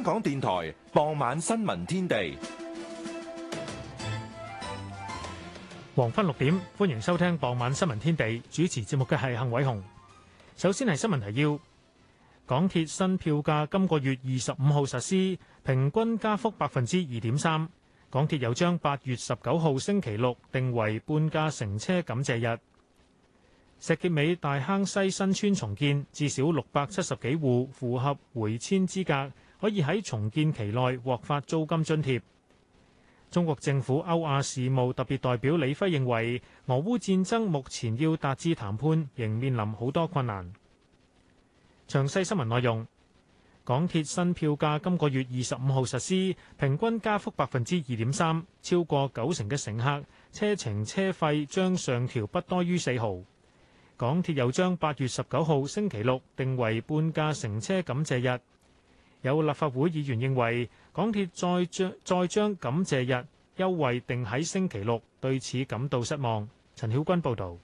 香港電台傍晚新聞天地，黃昏六點，歡迎收聽傍晚新聞天地。主持節目嘅係幸偉雄。首先係新聞提要：港鐵新票價今個月二十五號實施，平均加幅百分之二點三。港鐵有將八月十九號星期六定為半價乘車感謝日。石硤尾大坑西新村重建，至少六百七十幾戶符合回遷資格。可以喺重建期內獲發租金津貼。中國政府歐亞事務特別代表李輝認為，俄烏戰爭目前要達至談判，仍面臨好多困難。詳細新聞內容，港鐵新票價今個月二十五號實施，平均加幅百分之二點三，超過九成嘅乘客車程車費將上調不多於四毫。港鐵又將八月十九號星期六定為半價乘車感謝日。有立法會議員認為港鐵再將再將感謝日優惠定喺星期六，對此感到失望。陳曉君報導。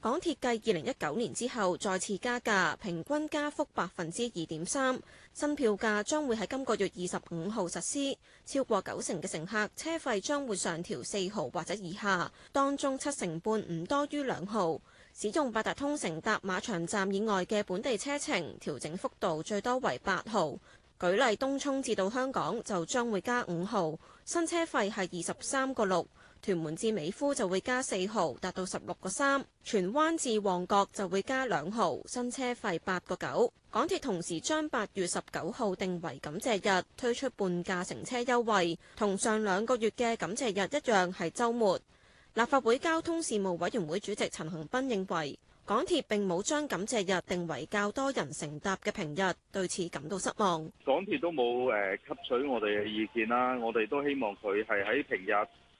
港鐵繼二零一九年之後再次加價，平均加幅百分之二點三，新票價將會喺今個月二十五號實施。超過九成嘅乘客車費將會上調四毫或者以下，當中七成半唔多於兩毫。使用八達通乘搭馬場站以外嘅本地車程，調整幅度最多為八毫。舉例，東涌至到香港就將會加五毫，新車費係二十三個六；屯門至美孚就會加四毫，達到十六個三；荃灣至旺角就會加兩毫，新車費八個九。港鐵同時將八月十九號定為感謝日，推出半價乘車優惠，同上兩個月嘅感謝日一樣係週末。立法會交通事務委員會主席陳恒斌認為。港鐵並冇將感謝日定為較多人乘搭嘅平日，對此感到失望。港鐵都冇誒吸取我哋嘅意見啦，我哋都希望佢係喺平日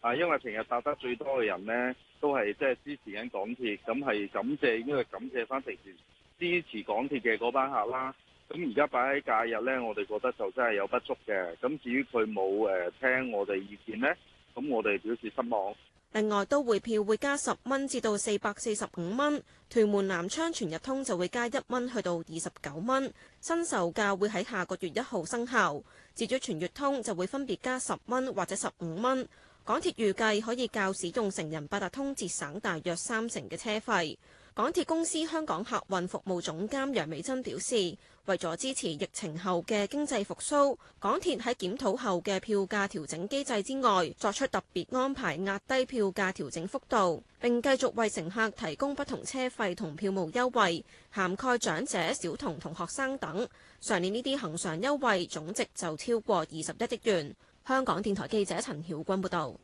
啊，因為平日搭得最多嘅人呢，都係即係支持緊港鐵，咁係感謝應該感謝翻平時支持港鐵嘅嗰班客啦。咁而家擺喺假日呢，我哋覺得就真係有不足嘅。咁至於佢冇誒聽我哋意見呢，咁我哋表示失望。另外，都會票會加十蚊至到四百四十五蚊；屯門南昌全日通就會加一蚊去到二十九蚊。新售價會喺下個月一號生效。至於全月通就會分別加十蚊或者十五蚊。港鐵預計可以較使用成人八達通節省大約三成嘅車費。港鐵公司香港客運服務總監楊美珍表示。為咗支持疫情後嘅經濟復甦，港鐵喺檢討後嘅票價調整機制之外，作出特別安排壓低票價調整幅度，並繼續為乘客提供不同車費同票務優惠，涵蓋長者、小童同學生等。上年呢啲恒常優惠總值就超過二十一億元。香港電台記者陳曉君報導。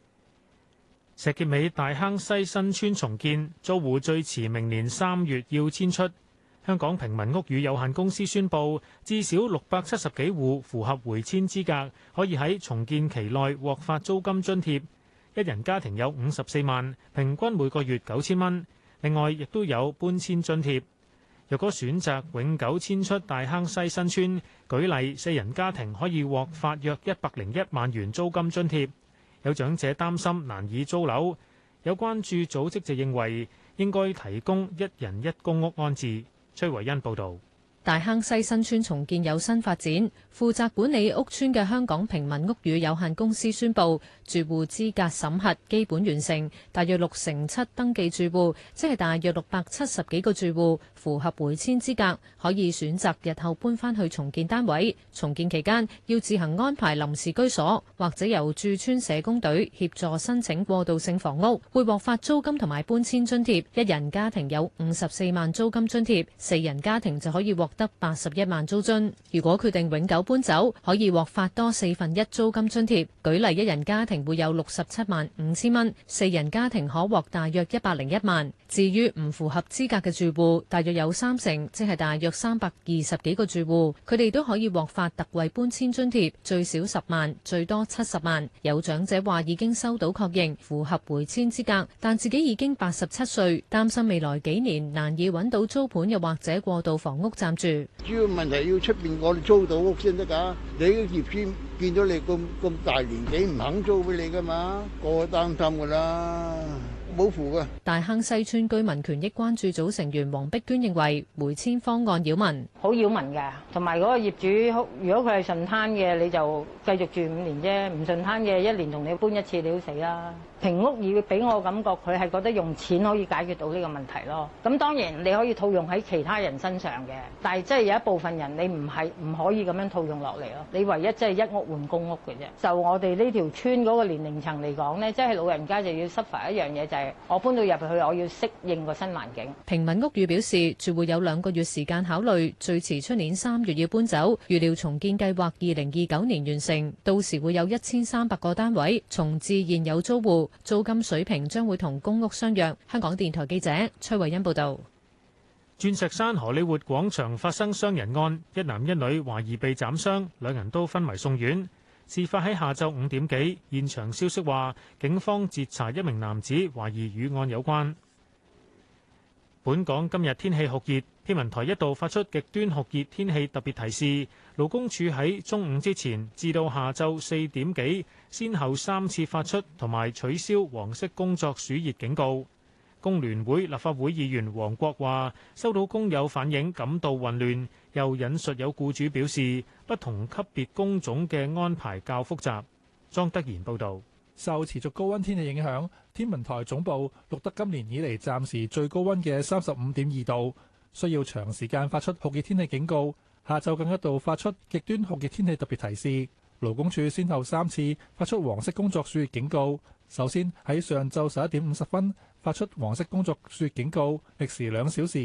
石硤尾大坑西新村重建租戶最遲明年三月要遷出。香港平民屋宇有限公司宣布，至少六百七十幾戶符合回遷資格，可以喺重建期內獲發租金津貼。一人家庭有五十四萬，平均每個月九千蚊。另外，亦都有搬遷津貼。若果選擇永久遷出大坑西新村，舉例四人家庭可以獲發約一百零一萬元租金津貼。有長者擔心難以租樓，有關注組織就認為應該提供一人一公屋安置。崔維恩報道。大坑西新村重建有新發展，負責管理屋邨嘅香港平民屋宇有限公司宣布，住戶資格審核基本完成，大約六成七登記住戶，即係大約六百七十幾個住戶符合回遷資格，可以選擇日後搬返去重建單位。重建期間要自行安排臨時居所，或者由駐村社工隊協助申請過渡性房屋，會獲發租金同埋搬遷津貼，一人家庭有五十四萬租金津貼，四人家庭就可以獲得八十一萬租金，如果決定永久搬走，可以獲發多四分一租金津貼。舉例，一人家庭會有六十七萬五千蚊，四人家庭可獲大約一百零一萬。至於唔符合資格嘅住戶，大約有三成，即係大約三百二十幾個住戶，佢哋都可以獲發特惠搬遷津貼，最少十萬，最多七十萬。有長者話已經收到確認符合回遷資格，但自己已經八十七歲，擔心未來幾年難以揾到租盤，又或者過渡房屋暫住。主要問題，要出邊我哋租到屋先得㗎，你業主見到你咁咁大年紀唔肯租俾你噶嘛，個擔心㗎啦，冇符噶。大坑西村居民權益關注組成員黃碧娟認為，回遷方案擾民，好擾民㗎。同埋嗰個業主，如果佢係順攤嘅，你就繼續住五年啫；唔順攤嘅，一年同你搬一次，你要死啦。平屋宇俾我感覺，佢係覺得用錢可以解決到呢個問題咯。咁當然你可以套用喺其他人身上嘅，但係即係有一部分人你唔係唔可以咁樣套用落嚟咯。你唯一即係一屋換公屋嘅啫。就我哋呢條村嗰個年齡層嚟講呢，即係老人家就要 suffer 一樣嘢就係我搬到入去，我要適應個新環境。平民屋宇表示，住戶有兩個月時間考慮，最遲出年三月要搬走，預料重建計劃二零二九年完成，到時會有一千三百個單位重置現有租戶。租金水平將會同公屋相若。香港電台記者崔慧欣報道，鑽石山荷里活廣場發生傷人案，一男一女懷疑被斬傷，兩人都昏迷送院。事發喺下晝五點幾，現場消息話警方截查一名男子，懷疑與案有關。本港今日天氣酷熱。天文台一度發出極端酷熱天氣特別提示，勞工處喺中午之前至到下晝四點幾，先後三次發出同埋取消黃色工作暑熱警告。工聯會立法會議員黃國話：收到工友反映感到混亂，又引述有僱主表示不同級別工種嘅安排較複雜。莊德賢報導。受持續高溫天氣影響，天文台總部錄得今年以嚟暫時最高溫嘅三十五點二度。需要長時間發出酷熱天氣警告，下晝更加一度發出極端酷熱天氣特別提示。勞工處先後三次發出黃色工作暑熱警告，首先喺上晝十一點五十分發出黃色工作暑熱警告，歷時兩小時；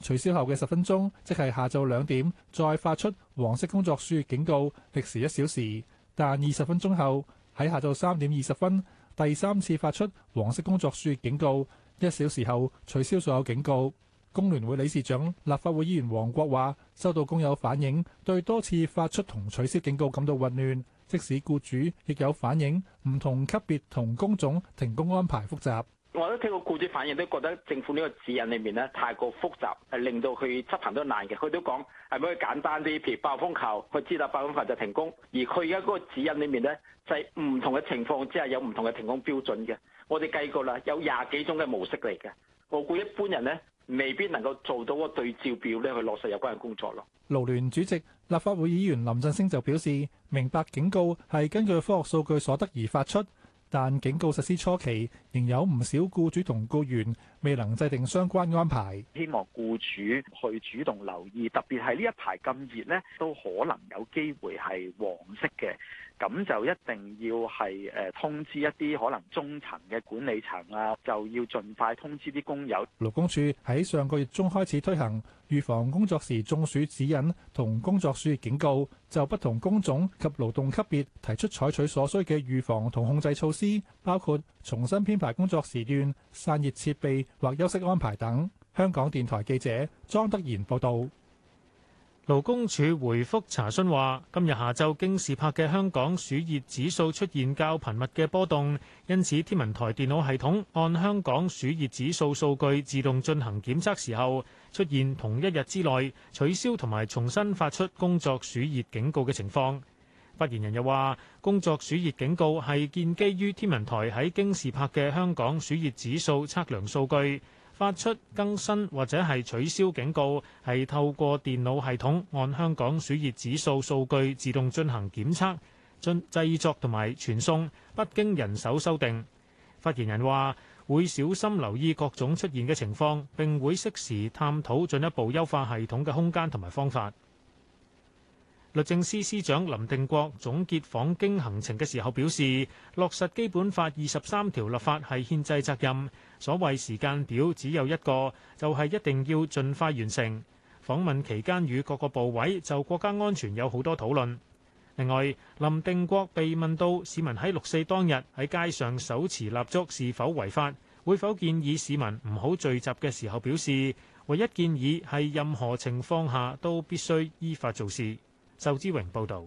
取消後嘅十分鐘，即係下晝兩點再發出黃色工作暑熱警告，歷時一小時。但二十分鐘後喺下晝三點二十分第三次發出黃色工作暑熱警告，一小時後取消所有警告。工聯會理事長、立法會議員黃國話：收到工友反映，對多次發出同取消警告感到混亂。即使雇主亦有反映，唔同級別同工種停工安排複雜。我都聽過雇主反應，都覺得政府呢個指引裏面咧太過複雜，係令到佢執行都難嘅。佢都講係咪可以簡單啲，譬如暴風球，佢知道暴風球就停工。而佢而家嗰個指引裏面咧，就係、是、唔同嘅情況之下有唔同嘅停工標準嘅。我哋計過啦，有廿幾種嘅模式嚟嘅。我估一般人咧。未必能夠做到個對照表咧，去落實有關嘅工作咯。勞聯主席立法會議員林振昇就表示，明白警告係根據科學數據所得而發出，但警告實施初期，仍有唔少雇主同僱員未能制定相關安排。希望雇主去主動留意，特別係呢一排咁熱呢，都可能有機會係黃色嘅。咁就一定要係誒通知一啲可能中層嘅管理層啊，就要盡快通知啲工友。勞工處喺上個月中開始推行預防工作時中暑指引同工作暑熱警告，就不同工種及勞動級別提出採取所需嘅預防同控制措施，包括重新編排工作時段、散熱設備或休息安排等。香港電台記者莊德賢報道。勞工處回覆查詢話：今日下晝京士柏嘅香港暑熱指數出現較頻密嘅波動，因此天文台電腦系統按香港暑熱指數數據自動進行檢測時候，出現同一日之內取消同埋重新發出工作暑熱警告嘅情況。發言人又話：工作暑熱警告係建基於天文台喺京士柏嘅香港暑熱指數測量數據。發出更新或者係取消警告係透過電腦系統按香港暑熱指數數據自動進行檢測、進製作同埋傳送，不經人手修訂。發言人話：會小心留意各種出現嘅情況，並會適時探討進一步優化系統嘅空間同埋方法。律政司司長林定國總結訪京行程嘅時候表示，落實《基本法》二十三條立法係憲制責任。所謂時間表只有一個，就係一定要盡快完成。訪問期間與各個部委就國家安全有好多討論。另外，林定國被問到市民喺六四當日喺街上手持蠟燭是否違法，會否建議市民唔好聚集嘅時候，表示唯一建議係任何情況下都必須依法做事。周之榮報道。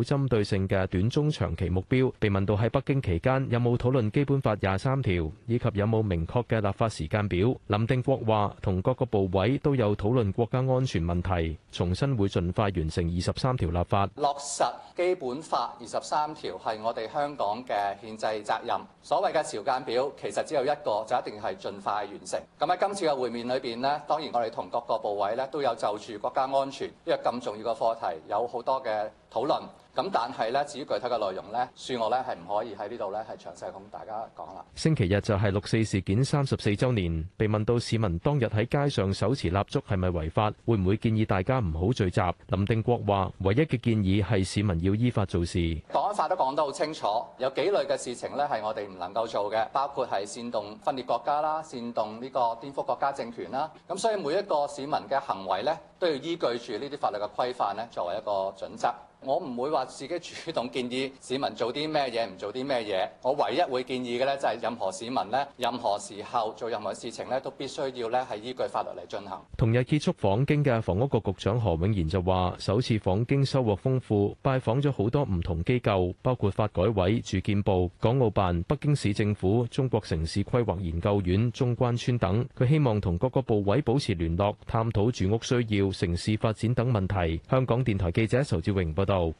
針對性嘅短中長期目標。被問到喺北京期間有冇討論基本法廿三條，以及有冇明確嘅立法時間表，林定國話同各個部委都有討論國家安全問題，重申會盡快完成二十三條立法，落實基本法廿三條係我哋香港嘅憲制責任。所謂嘅時間表，其實只有一個，就一定係盡快完成。咁喺今次嘅會面裏邊呢，當然我哋同各個部委呢都有就住國家安全呢個咁重要嘅課題有好多嘅討論。咁但係咧，至於具體嘅內容咧，恕我咧係唔可以喺呢度咧係詳細同大家講啦。星期日就係六四事件三十四週年，被問到市民當日喺街上手持蠟燭係咪違法，會唔會建議大家唔好聚集？林定國話：唯一嘅建議係市民要依法做事。《國安法》都講得好清楚，有幾類嘅事情咧係我哋唔能夠做嘅，包括係煽動分裂國家啦、煽動呢個顛覆國家政權啦。咁所以每一個市民嘅行為咧都要依據住呢啲法律嘅規範咧作為一個準則。我唔會話，自己主動建議市民做啲咩嘢，唔做啲咩嘢。我唯一會建議嘅呢，就係任何市民呢，任何時候做任何事情呢，都必須要呢係依據法律嚟進行。同日結束訪京嘅房屋局局長何永賢就話，首次訪京收穫豐富，拜訪咗好多唔同機構，包括發改委、住建部、港澳辦、北京市政府、中國城市規劃研究院、中關村等。佢希望同各個部委保持聯絡，探討住屋需要、城市發展等問題。香港電台記者仇志榮報道。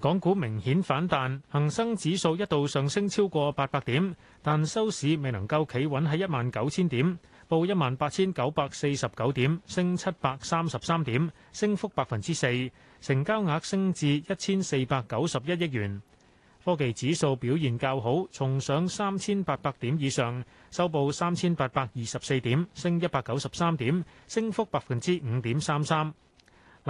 港股明顯反彈，恒生指數一度上升超過八百點，但收市未能夠企穩喺一萬九千點，報一萬八千九百四十九點，升七百三十三點，升幅百分之四，成交額升至一千四百九十一億元。科技指數表現較好，重上三千八百點以上，收報三千八百二十四點，升一百九十三點，升幅百分之五點三三。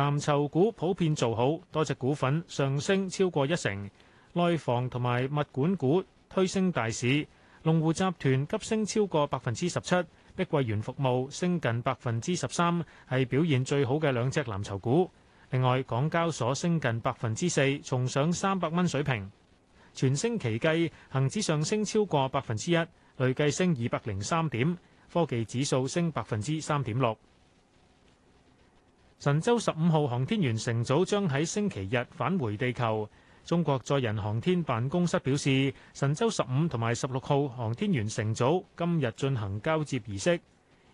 藍籌股普遍做好，多隻股份上升超過一成。內房同埋物管股推升大市，龍湖集團急升超過百分之十七，碧桂園服務升近百分之十三，係表現最好嘅兩隻藍籌股。另外，港交所升近百分之四，重上三百蚊水平，全星期計，恒指上升超過百分之一，累計升二百零三點，科技指數升百分之三點六。神舟十五號航天員乘組將喺星期日返回地球。中國載人航天辦公室表示，神舟十五同埋十六號航天員乘組今日進行交接儀式，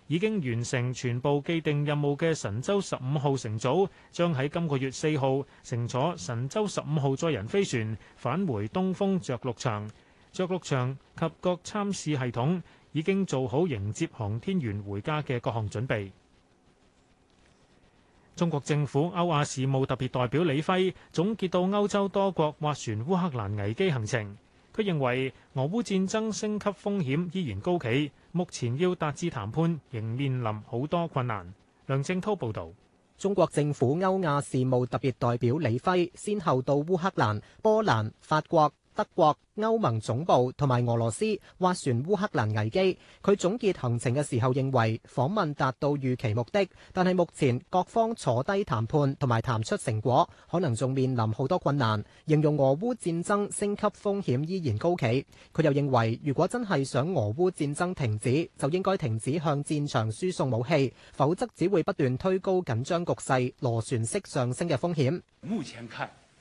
已經完成全部既定任務嘅神舟十五號乘組將喺今個月四號乘坐神舟十五號載人飛船返回東風着陸場。着陸場及各參試系統已經做好迎接航天員回家嘅各項準備。中國政府歐亞事務特別代表李輝總結到歐洲多國斡旋烏克蘭危機行程，佢認為俄烏戰爭升級風險依然高企，目前要達至談判仍面臨好多困難。梁正濤報道，中國政府歐亞事務特別代表李輝先後到烏克蘭、波蘭、法國。德國、歐盟總部同埋俄羅斯斡旋烏克蘭危機，佢總結行程嘅時候認為訪問達到預期目的，但係目前各方坐低談判同埋談出成果，可能仲面臨好多困難，形容俄烏戰爭升級風險依然高企。佢又認為如果真係想俄烏戰爭停止，就應該停止向戰場輸送武器，否則只會不斷推高緊張局勢螺旋式上升嘅風險。目前看。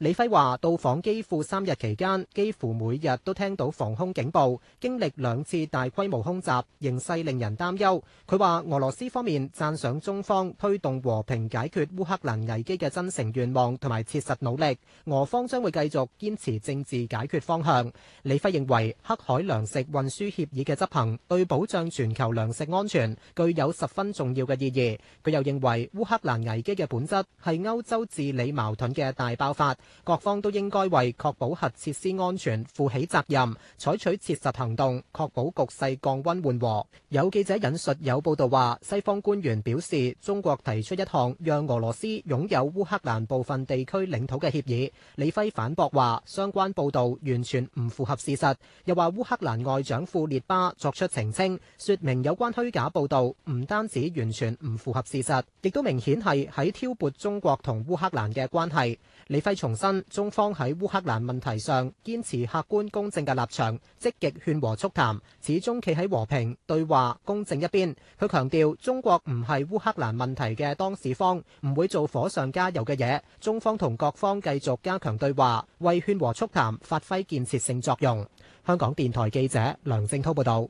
李輝話：到訪基輔三日期間，幾乎每日都聽到防空警報，經歷兩次大規模空襲，形勢令人擔憂。佢話俄羅斯方面贊賞中方推動和平解決烏克蘭危機嘅真誠願望同埋切實努力，俄方將會繼續堅持政治解決方向。李輝認為黑海糧食運輸協議嘅執行對保障全球糧食安全具有十分重要嘅意義。佢又認為烏克蘭危機嘅本質係歐洲治理矛盾嘅大爆發。各方都應該為確保核設施安全負起責任，採取切實行動，確保局勢降温緩和。有記者引述有報道話，西方官員表示中國提出一項讓俄羅斯擁有烏克蘭部分地區領土嘅協議。李輝反駁話，相關報道完全唔符合事實，又話烏克蘭外長庫列巴作出澄清，說明有關虛假報道唔單止完全唔符合事實，亦都明顯係喺挑撥中國同烏克蘭嘅關係。李輝從。新中方喺烏克蘭問題上堅持客觀公正嘅立場，積極勸和促談，始終企喺和平對話公正一邊。佢強調，中國唔係烏克蘭問題嘅當事方，唔會做火上加油嘅嘢。中方同各方繼續加強對話，為勸和促談發揮建設性作用。香港電台記者梁正濤報道。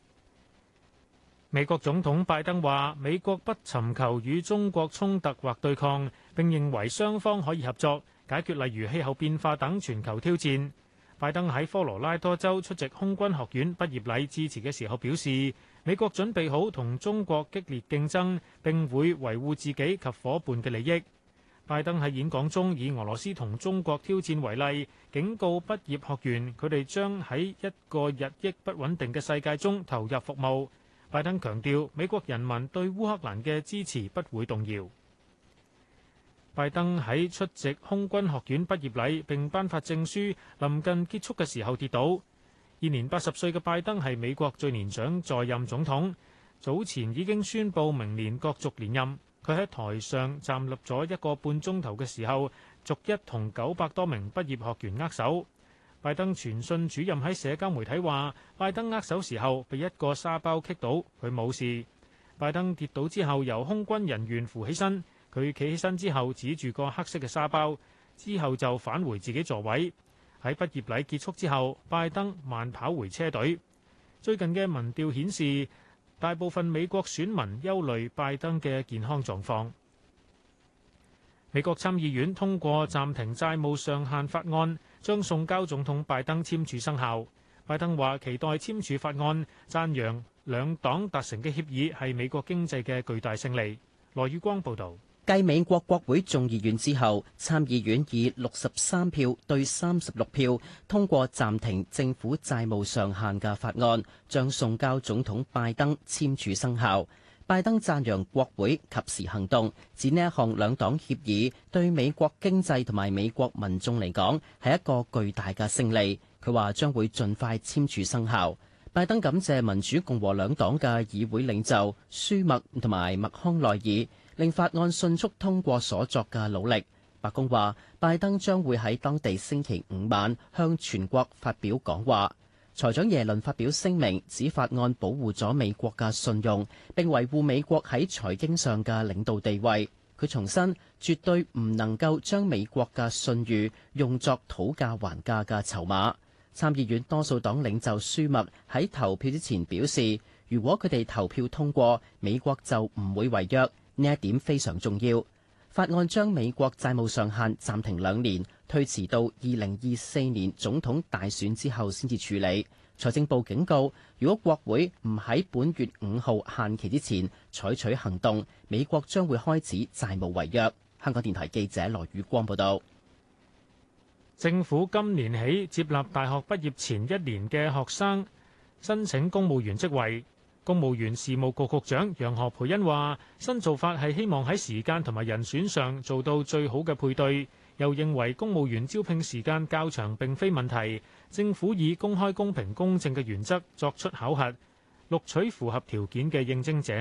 美國總統拜登話，美國不尋求與中國衝突或對抗，並認為雙方可以合作，解決例如氣候變化等全球挑戰。拜登喺科羅拉多州出席空軍學院畢業禮致辭嘅時候表示，美國準備好同中國激烈競爭，並會維護自己及伙伴嘅利益。拜登喺演講中以俄羅斯同中國挑戰為例，警告畢業學員佢哋將喺一個日益不穩定嘅世界中投入服務。拜登強調，美國人民對烏克蘭嘅支持不會動搖。拜登喺出席空軍學院畢業禮並頒發證書臨近結束嘅時候跌倒。現年八十歲嘅拜登係美國最年長在任總統，早前已經宣布明年角逐連任。佢喺台上站立咗一個半鐘頭嘅時候，逐一同九百多名畢業學員握手。拜登傳訊主任喺社交媒體話拜登握手時候被一個沙包棘到，佢冇事。拜登跌倒之後由空軍人員扶起身。佢企起身之後，指住個黑色嘅沙包，之後就返回自己座位。喺畢業禮結束之後，拜登慢跑回車隊。最近嘅民調顯示，大部分美國選民憂慮拜登嘅健康狀況。美國參議院通過暫停債務上限法案，將送交總統拜登簽署生效。拜登話期待簽署法案，讚揚兩黨達成嘅協議係美國經濟嘅巨大勝利。羅宇光報導。繼美國國會眾議院之後，參議院以六十三票對三十六票通過暫停政府債務上限嘅法案，將送交總統拜登簽署生效。拜登讚揚國會及時行動，指呢一項兩黨協議對美國經濟同埋美國民眾嚟講係一個巨大嘅勝利。佢話將會盡快簽署生效。拜登感謝民主共和兩黨嘅議會領袖舒默同埋麥康奈爾，令法案迅速通過所作嘅努力。白宮話，拜登將會喺當地星期五晚向全國發表講話。財長耶倫發表聲明，指法案保護咗美國嘅信用，並維護美國喺財經上嘅領導地位。佢重申，絕對唔能夠將美國嘅信譽用作討價還價嘅籌碼。參議院多數黨領袖舒默喺投票之前表示，如果佢哋投票通過，美國就唔會違約。呢一點非常重要。法案將美國債務上限暫停兩年，推遲到二零二四年總統大選之後先至處理。財政部警告，如果國會唔喺本月五號限期之前採取行動，美國將會開始債務違約。香港電台記者羅宇光報道。政府今年起接納大學畢業前一年嘅學生申請公務員職位。公務員事務局局長楊何蓓茵話新做法係希望喺時間同埋人選上做到最好嘅配對，又認為公務員招聘時間較長並非問題，政府以公開公平、公正嘅原則作出考核，錄取符合條件嘅應徵者。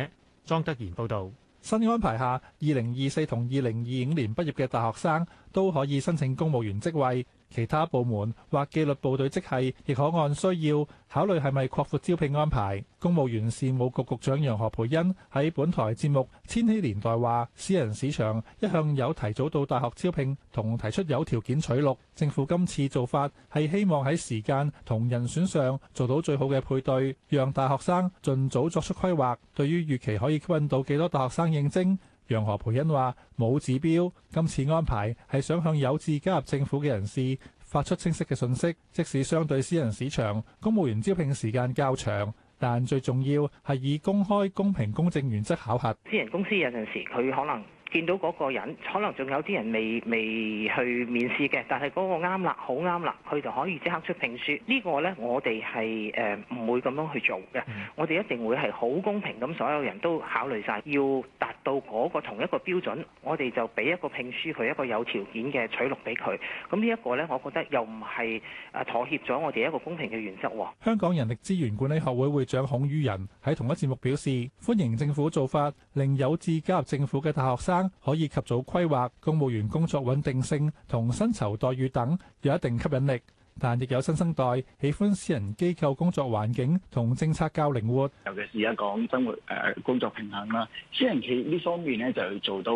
莊德賢報道。新安排下，二零二四同二零二五年畢業嘅大學生都可以申請公務員職位。其他部門或紀律部隊職系亦可按需要考慮係咪擴闊招聘安排。公務員事務局局長楊何蓓茵喺本台節目《千禧年代》話：私人市場一向有提早到大學招聘同提出有條件取錄，政府今次做法係希望喺時間同人選上做到最好嘅配對，讓大學生盡早作出規劃。對於預期可以吸引到幾多大學生應徵？楊何培恩話：冇指標，今次安排係想向有志加入政府嘅人士發出清晰嘅訊息。即使相對私人市場，公務員招聘時間較長，但最重要係以公開、公平、公正原則考核。私人公司有陣時佢可能見到嗰個人，可能仲有啲人未未去面試嘅，但係嗰個啱啦，好啱啦，佢就可以即刻出聘書。呢個咧，我哋係誒唔會咁樣去做嘅。我哋一定會係好公平咁，所有人都考慮曬要。到嗰個同一個標準，我哋就俾一個聘書佢，一個有條件嘅取錄俾佢。咁呢一個咧，我覺得又唔係妥協咗我哋一個公平嘅原則。香港人力資源管理學會會長孔於仁喺同一節目表示，歡迎政府做法，令有志加入政府嘅大學生可以及早規劃，公務員工作穩定性同薪酬待遇等有一定吸引力。但亦有新生代喜歡私人機構工作環境同政策較靈活，尤其是而家講生活誒、呃、工作平衡啦，私人企呢方面咧就做到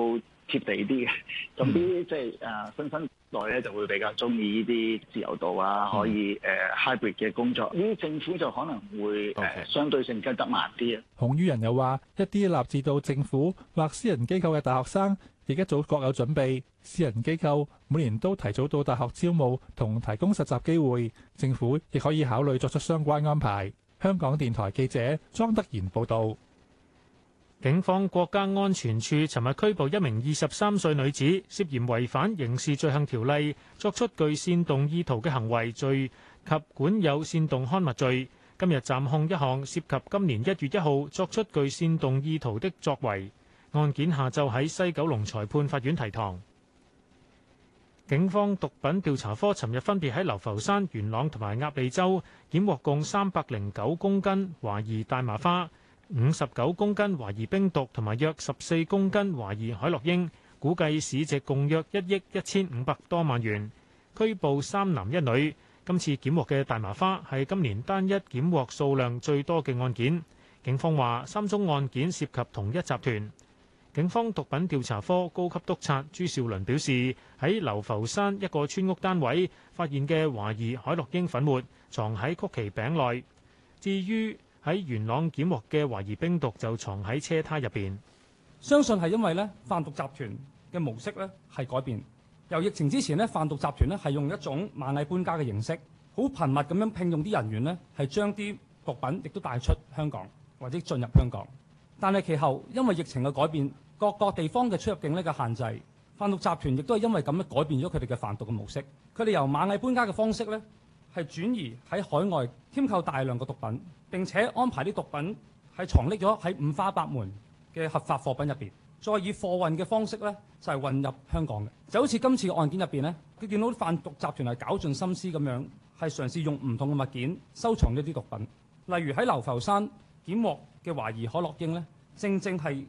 貼地啲嘅，咁啲即係誒新生代咧就會比較中意呢啲自由度啊，嗯、可以誒、呃、hybrid 嘅工作。呢啲政府就可能會誒、嗯、相對性跟得慢啲啊。洪于仁又話，一啲立志到政府或私人機構嘅大學生，亦一早各有準備，私人機構每年都提早到大學招募同提供實習機會，政府亦可以考慮作出相關安排。香港電台記者莊德賢報導。警方國家安全處尋日拘捕一名二十三歲女子，涉嫌違反刑事罪行條例，作出具煽動意圖嘅行為罪及管有煽動刊物罪。今日暫控一項涉及今年一月一號作出具煽動意圖的作為。案件下晝喺西九龍裁判法院提堂。警方毒品調查科尋日分別喺流浮山、元朗同埋鴨脷洲檢獲共三百零九公斤懷疑大麻花、五十九公斤懷疑冰毒同埋約十四公斤懷疑海洛因，估計市值共約一億一千五百多萬元。拘捕三男一女。今次檢獲嘅大麻花係今年單一檢獲數量最多嘅案件。警方話三宗案件涉及同一集團。警方毒品調查科高級督察朱少麟表示，喺流浮山一個村屋單位發現嘅懷疑海洛因粉末，藏喺曲奇餅內；至於喺元朗檢獲嘅懷疑冰毒，就藏喺車胎入邊。相信係因為咧販毒集團嘅模式咧係改變，由疫情之前呢，販毒集團呢係用一種螞蟻搬家嘅形式，好頻密咁樣聘用啲人員呢係將啲毒品亦都帶出香港或者進入香港，但係其後因為疫情嘅改變。各個地方嘅出入境呢嘅限制，販毒集團亦都係因為咁樣改變咗佢哋嘅販毒嘅模式。佢哋由螞蟻搬家嘅方式咧，係轉移喺海外添購大量嘅毒品，並且安排啲毒品係藏匿咗喺五花八門嘅合法貨品入邊，再以貨運嘅方式咧就係、是、運入香港嘅。就好似今次嘅案件入邊咧，佢見到啲販毒集團係搞盡心思咁樣，係嘗試用唔同嘅物件收藏呢啲毒品，例如喺流浮山檢獲嘅懷疑可樂英咧，正正係。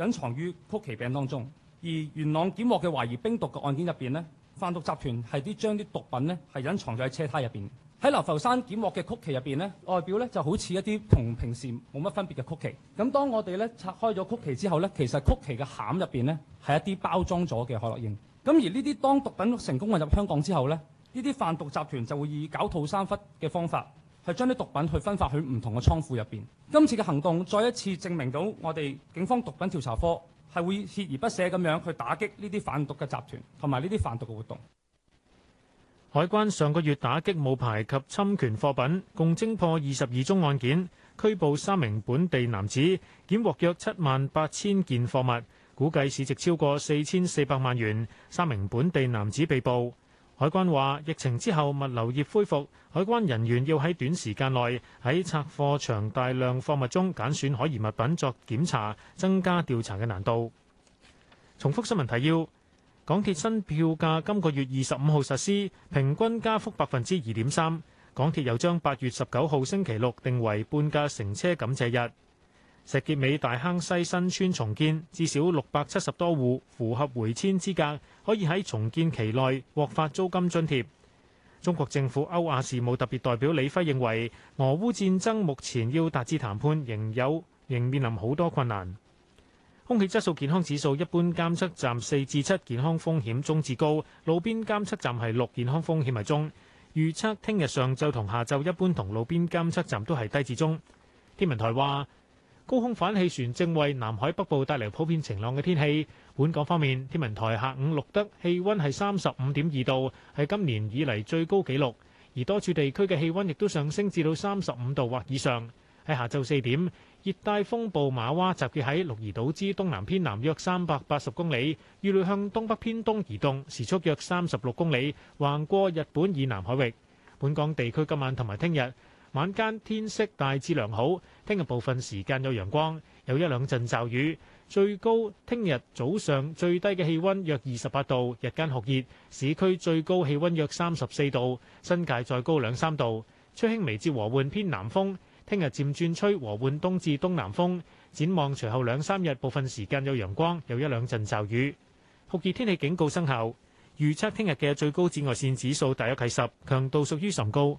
隱藏於曲奇餅當中，而元朗檢獲嘅懷疑冰毒嘅案件入邊呢，販毒集團係啲將啲毒品呢，係隱藏咗喺車胎入邊。喺流浮山檢獲嘅曲奇入邊呢，外表咧就好似一啲同平時冇乜分別嘅曲奇。咁當我哋咧拆開咗曲奇之後咧，其實曲奇嘅餡入邊咧係一啲包裝咗嘅海洛因。咁而呢啲當毒品成功混入香港之後咧，呢啲販毒集團就會以狡兔三窟嘅方法。係將啲毒品去分發去唔同嘅倉庫入邊。今次嘅行動再一次證明到我哋警方毒品調查科係會鍥而不捨咁樣去打擊呢啲販毒嘅集團同埋呢啲販毒嘅活動。海關上個月打擊冒牌及侵權貨品，共偵破二十二宗案件，拘捕三名本地男子，檢獲約七萬八千件貨物，估計市值超過四千四百萬元。三名本地男子被捕。海關話：疫情之後，物流業恢復，海關人員要喺短時間內喺拆貨場大量貨物中揀選可疑物品作檢查，增加調查嘅難度。重複新聞提要：港鐵新票價今個月二十五號實施，平均加幅百分之二點三。港鐵又將八月十九號星期六定為半價乘車感謝日。石硤尾大坑西新村重建至少六百七十多戶符合回遷資格，可以喺重建期內獲發租金津貼。中國政府歐亞事務特別代表李輝認為，俄烏戰爭目前要達至談判，仍有仍面臨好多困難。空氣質素健康指數一般監測站四至七，健康風險中至高；路邊監測站係六，健康風險為中。預測聽日上晝同下晝一般同路邊監測站都係低至中。天文台話。高空反氣旋正為南海北部帶嚟普遍晴朗嘅天氣。本港方面，天文台下午錄得氣温係三十五點二度，係今年以嚟最高紀錄。而多處地區嘅氣温亦都上升至到三十五度或以上。喺下晝四點，熱帶風暴馬娃集結喺鹿兒島之東南偏南約三百八十公里，預料向東北偏東移動，時速約三十六公里，橫過日本以南海域。本港地區今晚同埋聽日。晚間天色大致良好。聽日部分時間有陽光，有一兩陣驟雨。最高聽日早上最低嘅氣温約二十八度，日間酷熱，市區最高氣温約三十四度，新界再高兩三度。吹輕微至和緩偏南風，聽日漸轉吹和緩東至東南風。展望隨後兩三日部分時間有陽光，有一兩陣驟雨。酷熱天氣警告生效，預測聽日嘅最高紫外綫指數大約係十，強度屬於甚高。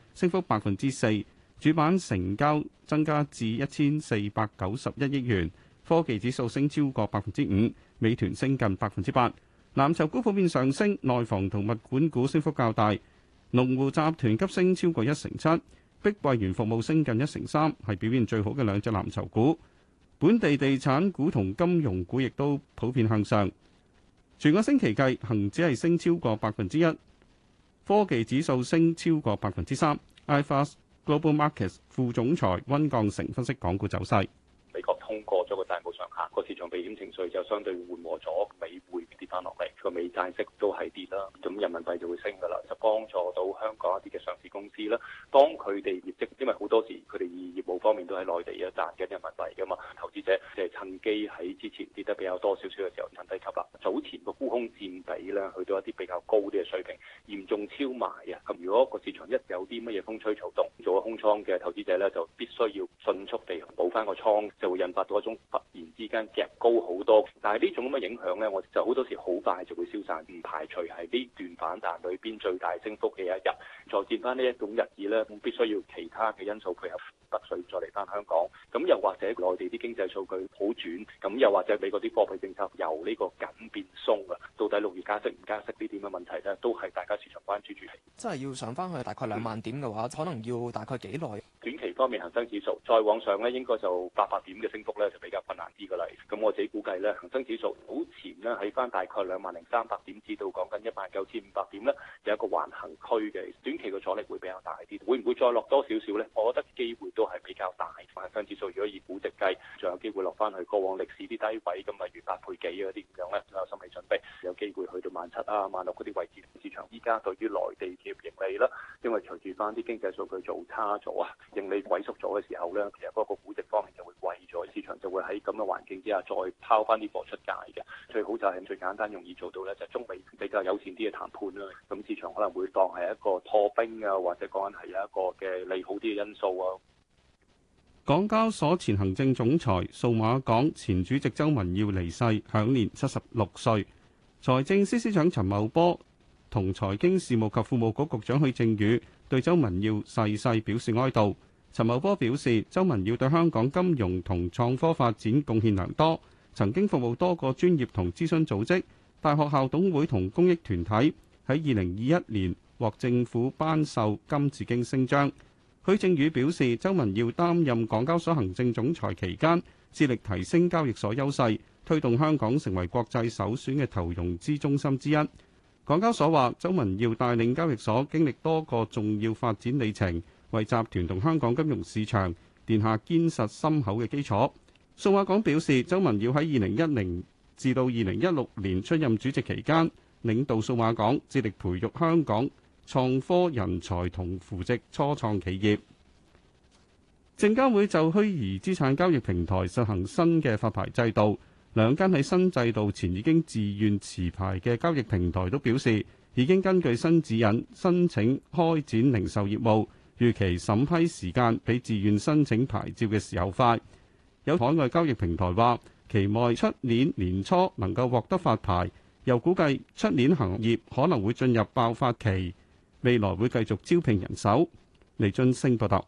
升幅百分之四，主板成交增加至一千四百九十一億元。科技指數升超過百分之五，美團升近百分之八。藍籌股普遍上升，內房同物管股升幅較大。龍湖集團急升超過一成七，碧桂園服務升近一成三，係表現最好嘅兩隻藍籌股。本地地產股同金融股亦都普遍向上。全個星期計，恆指係升超過百分之一。科技指數升超過百分之三，iFAST Global Markets 副總裁温鋼成分析港股走勢。美國通過咗個債務上限，個市場避險情緒就相對緩和咗，美匯跌翻落嚟，個美債息都係跌啦，咁人民幣就會升噶啦，就幫助到香港一啲嘅上市公司啦。當佢哋業績，因為好多時佢哋業務方面都喺內地啊賺緊人民幣噶嘛，投資者就係趁機喺之前跌得比較多少少嘅時候。咧我就好多時好快就會消散，唔排除係呢段反彈裏邊最大升幅嘅一日，再見翻呢一種日子咧，必須要其他嘅因素配合北水，再嚟翻香港。咁又或者內地啲經濟數據好轉，咁又或者美國啲貨幣政策由呢個緊變鬆啊，到底六月加息唔加息呢點嘅問題咧，都係大家市場關注住，題。真係要上翻去大概兩萬點嘅話，可能要大概幾耐？短期方面，恒生指數再往上咧，應該就八百點嘅升幅咧，就比較困難。咁、嗯、我自己估計咧，恒生指數早前呢，喺翻大概兩萬零三百點至到講緊一萬九千五百點呢，有一個橫行區嘅，短期嘅阻力會比較大啲。會唔會再落多少少呢？我覺得機會都係比較大。恆生指數如果以估值計，仲有機會落翻去，去過往歷史啲低位，咁例如八倍幾嗰啲咁樣呢，仲有心理準備。有機會去到萬七啊、萬六嗰啲位置。市場依家對於內地企業盈利啦，因為隨住翻啲經濟數據做差咗啊，盈利萎縮咗嘅時候呢，其實嗰個估值方面就會貴咗，市場就會喺咁嘅環境之下再拋翻啲貨出街嘅，最好就係最簡單容易做到咧，就中美比較友善啲嘅談判啦。咁市場可能會當係一個破冰啊，或者講緊係有一個嘅利好啲嘅因素咯。港交所前行政總裁、數碼港前主席周文耀離世，享年七十六歲。財政司司長陳茂波同財經事務及庫務局局長許正宇對周文耀逝世表示哀悼。陳茂波表示，周文耀對香港金融同創科發展貢獻良多，曾經服務多個專業同諮詢組織、大學校董會同公益團體。喺2021年獲政府頒授金紫荊星章。許正宇表示，周文耀擔任港交所行政總裁期間，致力提升交易所優勢，推動香港成為國際首選嘅投融資中心之一。港交所話，周文耀帶領交易所經歷多個重要發展里程。為集團同香港金融市場奠下堅實深厚嘅基礎。數碼港表示，周文耀喺二零一零至到二零一六年出任主席期間，領導數碼港致力培育香港創科人才同扶植初創企業。證監會就虛擬資產交易平台實行新嘅發牌制度，兩間喺新制度前已經自願持牌嘅交易平台都表示，已經根據新指引申請開展零售業務。預期審批時間比自願申請牌照嘅時候快。有海外交易平台話，期望出年年初能夠獲得發牌，又估計出年行業可能會進入爆發期，未來會繼續招聘人手。黎俊升報道。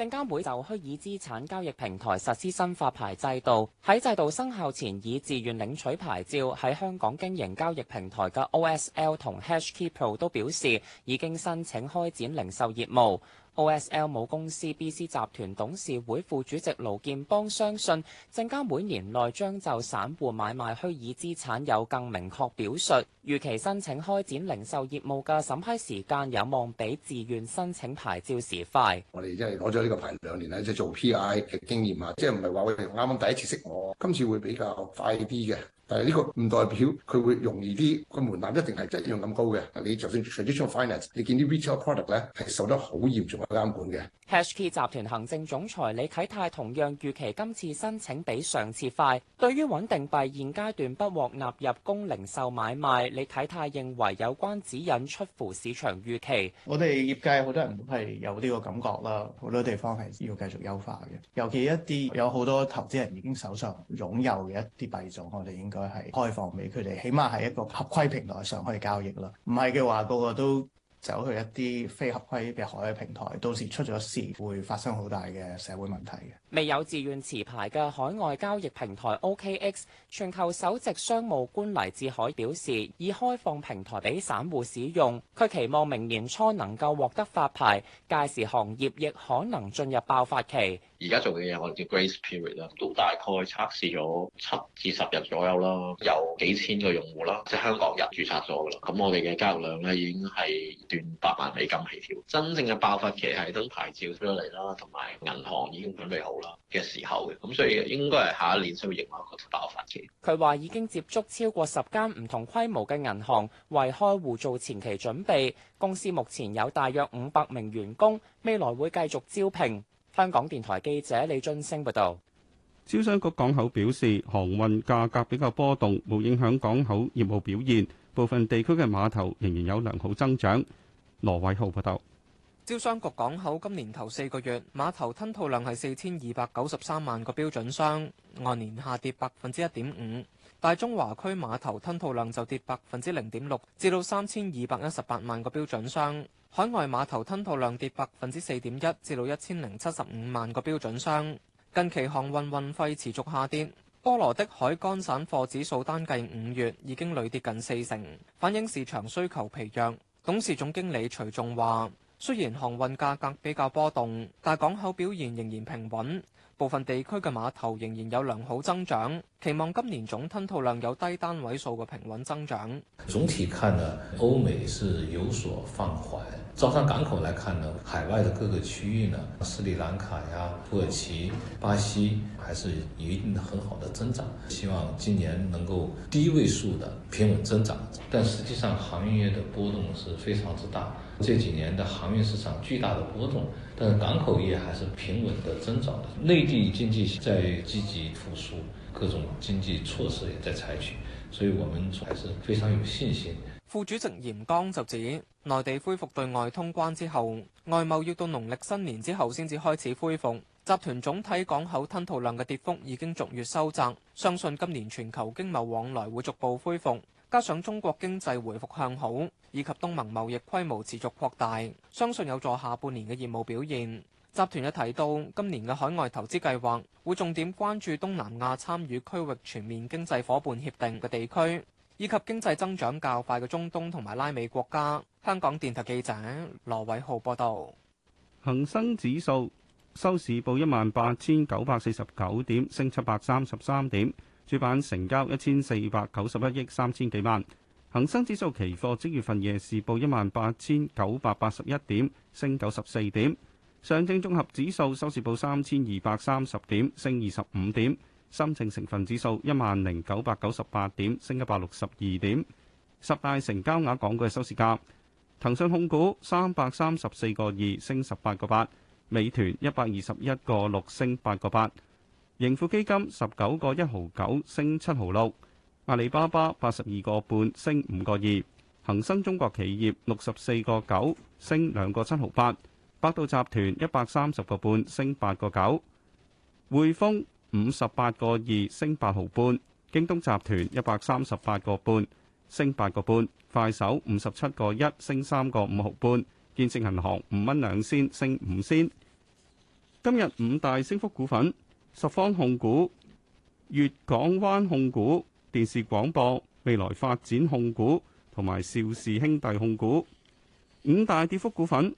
證監會就虛擬資產交易平台實施新發牌制度，喺制度生效前已自願領取牌照喺香港經營交易平台嘅 OSL 同 HashKey Pro 都表示已經申請開展零售業務。OSL 母公司 BC 集團董事會副主席盧建邦相信，證監會年內將就散戶買賣虛擬資產有更明確表述。預期申請開展零售業務嘅審批時間有望比自願申請牌照時快。我哋真係攞咗呢個牌兩年啦，就是，即係做 PI 嘅經驗啊，即係唔係話我哋啱啱第一次識我，今次會比較快啲嘅。但係呢個唔代表佢會容易啲，個門檻一定係一樣咁高嘅。你就算直接做 finance，你見啲 retail product 咧係受得好嚴重嘅監管嘅。HashKey 集團行政總裁李啟泰同樣預期今次申請比上次快。對於穩定幣現階段不獲納，納入供零售買賣，李啟泰認為有關指引出乎市場預期。我哋業界好多人都係有呢個感覺啦，好多地方係要繼續優化嘅，尤其一啲有好多投資人已經手上擁有嘅一啲幣種，我哋應該。佢係開放俾佢哋，起碼係一個合規平台上去交易啦。唔係嘅話，個個都走去一啲非合規嘅海外平台，到時出咗事會發生好大嘅社會問題嘅。未有自願持牌嘅海外交易平台 OKX、OK、全球首席商務官黎志海表示，已開放平台俾散戶使用。佢期望明年初能夠獲得發牌，屆時行業亦可能進入爆發期。而家做嘅嘢我哋叫 Grace Period 啦，都大概測試咗七至十日左右啦，有幾千個用戶啦，即、就、係、是、香港人注冊咗㗎啦。咁我哋嘅交易量咧已經係斷百萬美金起跳。真正嘅爆發期係等牌照出嚟啦，同埋銀行已經準備好嘅時候嘅，咁所以應該係下一年先會迎嚟一個大發展。佢話已經接觸超過十間唔同規模嘅銀行，為開戶做前期準備。公司目前有大約五百名員工，未來會繼續招聘。香港電台記者李津升報道。招商局港口表示，航運價格比較波動，冇影響港口業務表現。部分地區嘅碼頭仍然有良好增長。羅偉浩報道。招商局港口今年頭四個月碼頭吞吐量係四千二百九十三萬個標準箱，按年下跌百分之一點五。大中華區碼頭吞吐量就跌百分之零點六，至到三千二百一十八萬個標準箱。海外碼頭吞吐量跌百分之四點一，至到一千零七十五萬個標準箱。近期航運運費持續下跌，波羅的海乾散貨指數單計五月已經累跌近四成，反映市場需求疲弱。董事總經理徐仲話。雖然航運價格比較波動，但港口表現仍然平穩，部分地區嘅碼頭仍然有良好增長，期望今年總吞吐量有低單位數嘅平穩增長。總體看呢，歐美是有所放緩，招商港口來看呢，海外嘅各個區域呢，斯里蘭卡呀、啊、土耳其、巴西，還是有一定很好的增長，希望今年能夠低位數的平穩增長。但實際上行業的波動是非常之大。這幾年的航運市場巨大的波動，但港口業還是平穩的增長的。內地經濟在積極復蘇，各種經濟措施也在採取，所以我們還是非常有信心。副主席嚴剛就指，內地恢復對外通關之後，外貿要到農曆新年之後先至開始恢復。集團總體港口吞吐量嘅跌幅已經逐月收窄，相信今年全球經貿往來會逐步恢復。加上中國經濟回復向好，以及東盟貿易規模持續擴大，相信有助下半年嘅業務表現。集團亦提到，今年嘅海外投資計劃會重點關注東南亞參與區域全面經濟伙伴協定嘅地區，以及經濟增長較快嘅中東同埋拉美國家。香港電台記者羅偉浩報道。恒生指數收市報一萬八千九百四十九點，升七百三十三點。主板成交一千四百九十一億三千幾萬，恒生指數期貨即月份夜市報一萬八千九百八十一點，升九十四點。上證綜合指數收市報三千二百三十點，升二十五點。深證成分指數一萬零九百九十八點，升一百六十二點。十大成交額港股嘅收市價，騰訊控股三百三十四個二，升十八個八；美團一百二十一個六，升八個八。盈富基金十九個一毫九升七毫六，阿里巴巴八十二個半升五個二，恒生中國企業六十四個九升兩個七毫八，百度集團一百三十個半升八個九，匯豐五十八個二升八毫半，京東集團一百三十八個半升八個半，快手五十七個一升三個五毫半，建設銀行五蚊兩仙升五仙。今日五大升幅股份。十方控股、粵港灣控股、電視廣播、未來發展控股同埋邵氏兄弟控股。五大跌幅股份，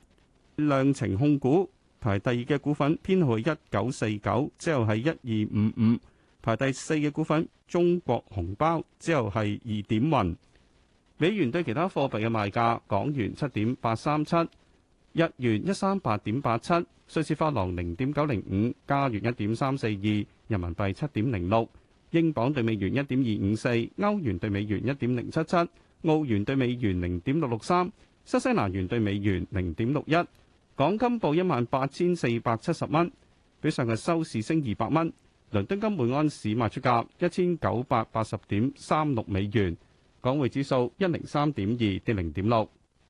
量程控股排第二嘅股份編號一九四九，之後係一二五五，排第四嘅股份中國紅包之後係二點雲。美元對其他貨幣嘅賣價，港元七點八三七。日元一三八點八七，瑞士法郎零點九零五，加元一點三四二，人民幣七點零六，英鎊兌美元一點二五四，歐元兌美元一點零七七，澳元兌美元零點六六三，新西蘭元兌美元零點六一。港金報一萬八千四百七十蚊，比上日收市升二百蚊。倫敦金每安士賣出價一千九百八十點三六美元。港匯指數一零三點二，跌零點六。